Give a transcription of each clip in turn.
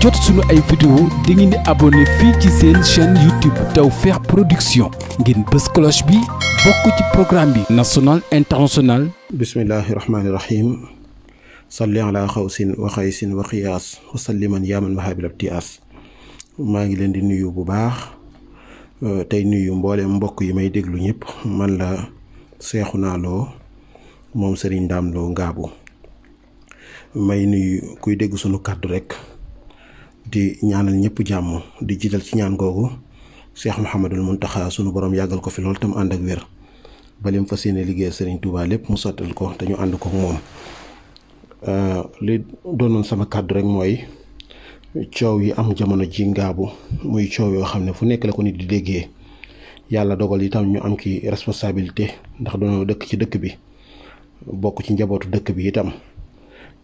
jot suñu ay vidéo da ngeen di abonné fii ci seen chaîne YouTube Tawfekh Production ngeen bës cloche bi bokk ci programme bi national international bismillahi rahmaani rahim salli ala xawsin wa xaysin wa xiyaas wa salliman yaaman mahaabil abtiyaas maa ngi leen di nuyu bu baax euh, tey nuyu mbooleem mbokk yi may déglu ñëpp man la Seexuna Lo moom Serigne Ndam Lo Ngabou may nuyu kuy dégg sunu kàddu rekk di ñaanal ñëpp jàmm di jiital ci ñaan googu Cheikh Mouhamadul Mountakha suñu borom yàggal ko fi lool tam ànd ak wér balim fas yéene liggéey sëriñ Touba lépp mu sottal ko te ñu ànd ko moom. Euh, li doonoon sama kàddu rek mooy coow yi am jamono ji ngaabu muy coow yoo xam ne fu nekk la ko nit di déggee yàlla dogal itam ñu am ci responsabilité ndax doonoo dëkk ci dëkk bi bokk ci njabootu dëkk bi itam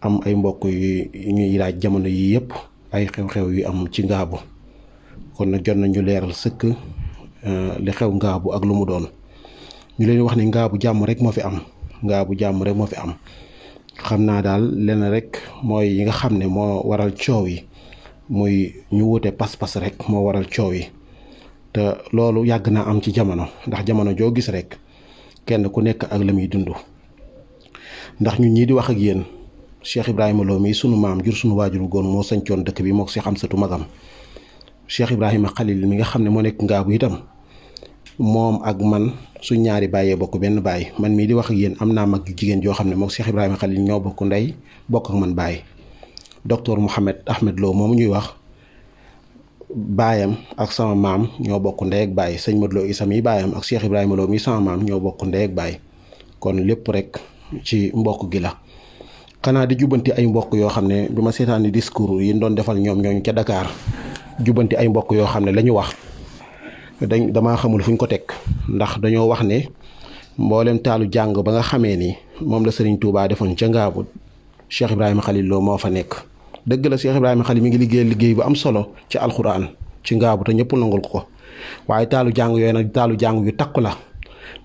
am ay mbokk yu ñuy laaj jamono yii yëpp. ay xew-xew yu am ci ngaabu kon na jot nañu leeral sëkk euh, li xew ngaabu ak lu mu doon ñu leen wax ne ngaabu jàmm rek moo fi am ngaabu jàmm rek moo fi am xam naa daal lenn rek mooy yi nga xam ne moo waral coow yi muy ñu wute pas-pas rek moo waral coow yi te loolu yàgg naa am ci jamono ndax jamono joo gis rek kenn ku nekk ak la muy dund ndax ñu ñii di wax ak yenn Cheikh Ibrahima Lo mii sunu maam jur sunu waajur góor moo sañcoon dëkk bi mook Cheikh Amsatu magam Cheikh Ibrahima Khalil mi nga xam ne moo nekk ngaabu itam moom ak man su ñaari bàyyee bokk benn baay man mii di wax ak yéen am naa mag jigéen joo xam ne mook Cheikh Ibrahima Khalil ñoo bokk ndey bokk ak man baay docteur Mouhamed Ahmed Lo moom ñuy wax baayam ak sama maam ñoo bokk ndey ak baay sëñ Modou Lo Isa mii baayam ak Cheikh Ibrahima Lo mii sama maam ñoo bokk ndey baay kon lépp rek ci mbokk gi la. xanaa di jubbanti ay mbokk yoo xam ne bi ma seetaani discours yi doon defal ñoom ñooñ ca dakaar jubbanti ay mbokk yoo xam ne la wax dañ dama xamul fu ñu ko teg ndax dañoo wax ne mboolem taalu jàng ba nga xamee ni moom la sëriñ tuubaa defoon ca Ngaabu Cheikh Ibrahima Khalil Lo moo fa nekk dëgg la Cheikh Ibrahima Khalil mi ngi liggéey liggéey bu am solo ci alxuraan ci Ngaabu te ñëpp nangul ko waaye taalu jàng yooyu nag taalu jàng yu takku la.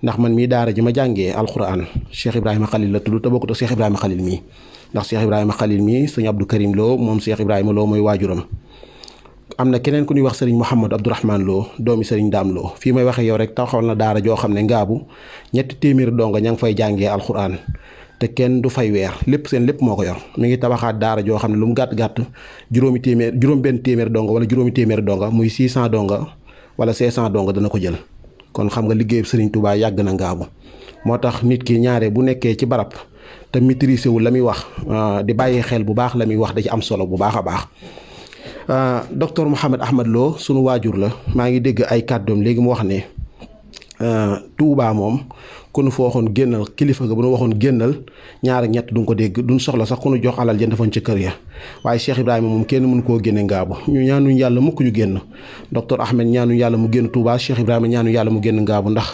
ndax man mii daara ji ma jàngee alquran Cheikh Ibrahima Khalil la tudd te bokkut ak Cheikh Ibrahima Khalil mii ndax Cheikh Ibrahima Khalil mii sëñ Abdou Karim Lo moom Cheikh Ibrahima Lo mooy waajuram am na keneen ku ñuy wax sëriñ Mouhamadou Abdourahman Lo doomi sëriñ Daam Lo fii may waxee yow rek taxawal na daara joo xam ne ngaabu ñetti téeméeri donga ña ngi fay jàngee alxuraan te kenn du fay weer lépp seen lépp moo ko yor mu ngi tabaxaat daara joo xam ne lu mu gàtt gàtt juróomi téeméer juróom benn téeméer donga wala juróomi téeméer donga muy 600 donga wala 500 donga dana ko jël kon xam nga liggéeyub Serigne Touba yàgg na ngaabu moo tax nit ki ñaare bu nekkee ci barab te maîtriser wu la muy wax ah, di bàyyi xel bu baax la muy wax da ci am solo bu baax a baax. Ah, docteur Mouhamed Ahmad Lo sunu waajur la maa ngi dégg ay kàddoom léegi mu wax ne. Euh, Touba moom ku nu foo waxoon génnal kilifa nga bu nu waxoon génnal ñaar ñett dun ko dégg duñ soxla sax kunu jox alal jënd defoon ci kër ya waaye Cheikh Ibrahima moom kenn mënu koo génne ngaabu ñu ñaanuñ yàlla mukk ñu génn docteur Ahmed ñaanuñ yàlla mu génn Touba Cheikh Ibrahima ñaanuñ yàlla mu génn ngaabu ndax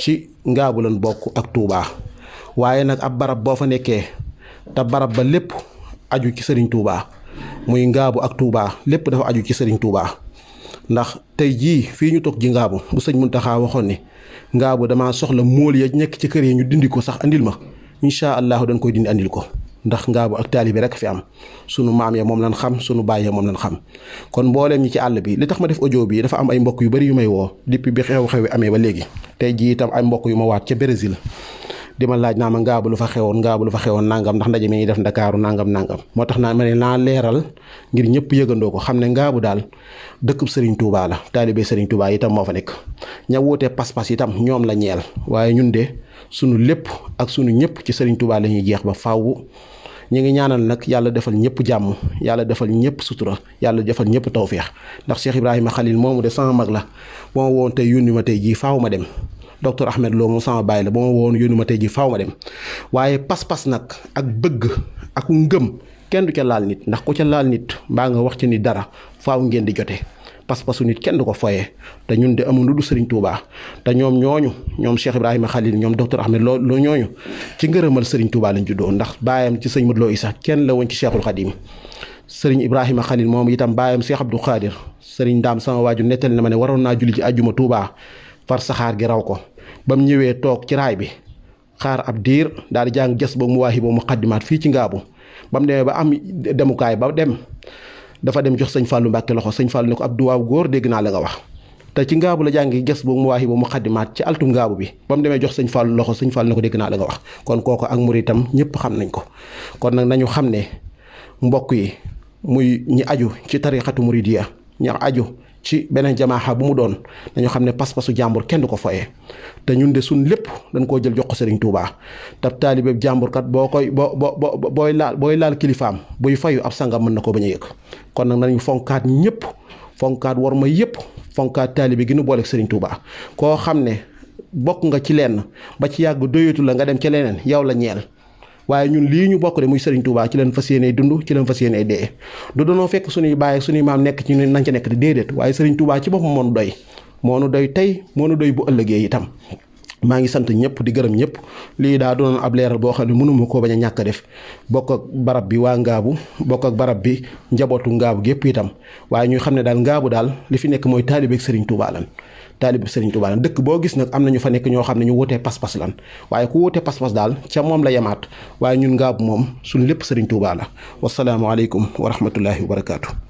ci ngaabu lañ bokk ak Touba waaye nag ab barab boo fa nekkee te barab ba lépp aju ci sëriñ tuubaa muy ngaabu ak Touba lépp dafa aju ci Serigne Touba. ndax tey jii fii ñu toog ji ngaabu bu sëñ Muntaxa waxoon ni ngaabu damaa soxla mool ya nekk ci kër yi ñu dindi ko sax andil ma incha allahu dañ koy dindi andil ko ndax ngaabu ak taali bi rek fi am sunu maam ya moom lan xam sunu baay ya moom lan xam kon mbooleem ñi ci àll bi li tax ma def audio bi dafa am ay mbokk yu bari yu may woo depuis bi xew-xew bi amee ba léegi tey jii itam ay mbokk yu ma waat ca Brésil di ma laaj naa ma ngaabu lu fa xewoon ngaabu lu fa xewoon nangam ndax ndaje mi ñuy def ndakaaru nangam nangam moo tax naa ma ne naa leeral ngir ñëpp yëgandoo ko xam ne ngaabu daal dëkkub Serigne Touba la taalibe Serigne Touba itam moo fa nekk ña wuutee pas-pas itam ñoom la ñeel waaye ñun de sunu lépp ak sunu ñëpp ci Serigne Touba la jeex ba faaw ñu ngi ñaanal nag yàlla defal ñëpp jàmm yàlla defal ñëpp sutura yàlla defal ñëpp tawféex ndax Cheikh Ibrahima Khalil moomu de mag la boo woon tey yónni ma tey jii faaw ma dem docteur Ahmed loo moom sama bàyyi la ba ma woon yónni ma tey ji faaw ma dem waaye pas-pas nag ak bëgg ak ngëm kenn du ca laal nit ndax ku ca laal nit mbaa nga wax ci ni dara faaw ngeen di jotee pas-pasu nit kenn du ko foyee te ñun de amul lu du Serigne Touba te ñoom ñooñu ñoom Cheikh Ibrahima Khalil ñoom docteur Ahmed loo Lo ñooñu ci ngërëmal sëriñ Touba lañ juddoo ndax baayam ci sëñ Modou Lo Issa kenn la woon ci Cheikhul Khadim sëriñ Ibrahima Khalil moom itam baayam Cheikh Abdou Khadir sëriñ Ndaam sama waaju nettali na ma ne waroon naa julli ci àjjuma Touba far saxaar ko. ba mu ñëwee toog ci raay bi xaar ab diir daal di jàng jës ba mu waahi ba mu xaddimaat fii ci ngaabu ba mu demee ba am demukaay ba dem dafa dem jox sëñ Fallou Mbàkke loxo sëñ Fallou ne ko ab duwaaw góor dégg naa la nga wax te ci ngaabu la jàngi ges bu mu waaxi ba mu xaddimaat ci altu ngaabu bi ba mu demee jox sëñ Fallou loxo sëñ Fallou ne ko dégg naa la nga wax kon kooku ak muritam ñëpp xam nañ ko kon nag nañu xam ne mbokk yi muy ñi aju ci tarixatu muridiya ñi aju ci beneen jamaaxa bu mu doon dañoo xam ne pas-pasu jàmbur kenn du ko foye te ñun de suñ lépp dañ koo jël jox ko Serigne Touba tab taalibeeb jàmbur kat boo koy boo boo booy laal booy laal kilifaam buy fayu ab sangam mën na ko bañ a yëg kon nag nañu fonkaat ñëpp fonkaat war ma yëpp fonkaat taalibe gi nu booleeg Serigne Touba koo xam ne bokk nga ci lenn ba ci yàgg doyatu la nga dem ca leen yow la ñeel. waaye ñun lii ñu bokk de muy Serigne Touba ci leen fas yéene dund ci leen fas yéene dee du doonoo fekk suñuy bàyyi suñuy maam nekk ci ñu nañ ca nekk di déedéet waaye Serigne Touba ci boppam moo nu doy moo nu doy tey moo nu doy bu ëllëgee itam maa ngi sant ñëpp di gërëm ñëpp lii daa doon ab leeral boo xam ne mënuma koo bañ a ñàkk a def bokk ak barab bi waa ngaabu bokk ak barab bi njabootu ngaabu gépp itam waaye ñuy xam ne daal ngaabu daal li fi nekk mooy taalibeeg Serigne Touba lan taalibeeg Serigne Touba lan dëkk boo gis nag am na ñu fa nekk ñoo xam ne ñu wutee pas-pas lan waaye ku wutee pas-pas daal ca moom la yemaat waaye ñun ngaabu moom suñ lépp Serigne Touba la wasalaamualeykum wa rahmatullahi wa barakaatu.